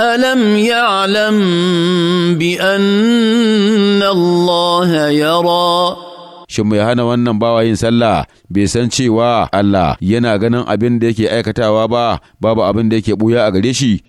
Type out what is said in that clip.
الم يعلم بان الله يرى shin mai hana wannan bawa yin sallah bai san cewa Allah yana ganin abin da yake aikatawa ba babu abin da yake buya a gare shi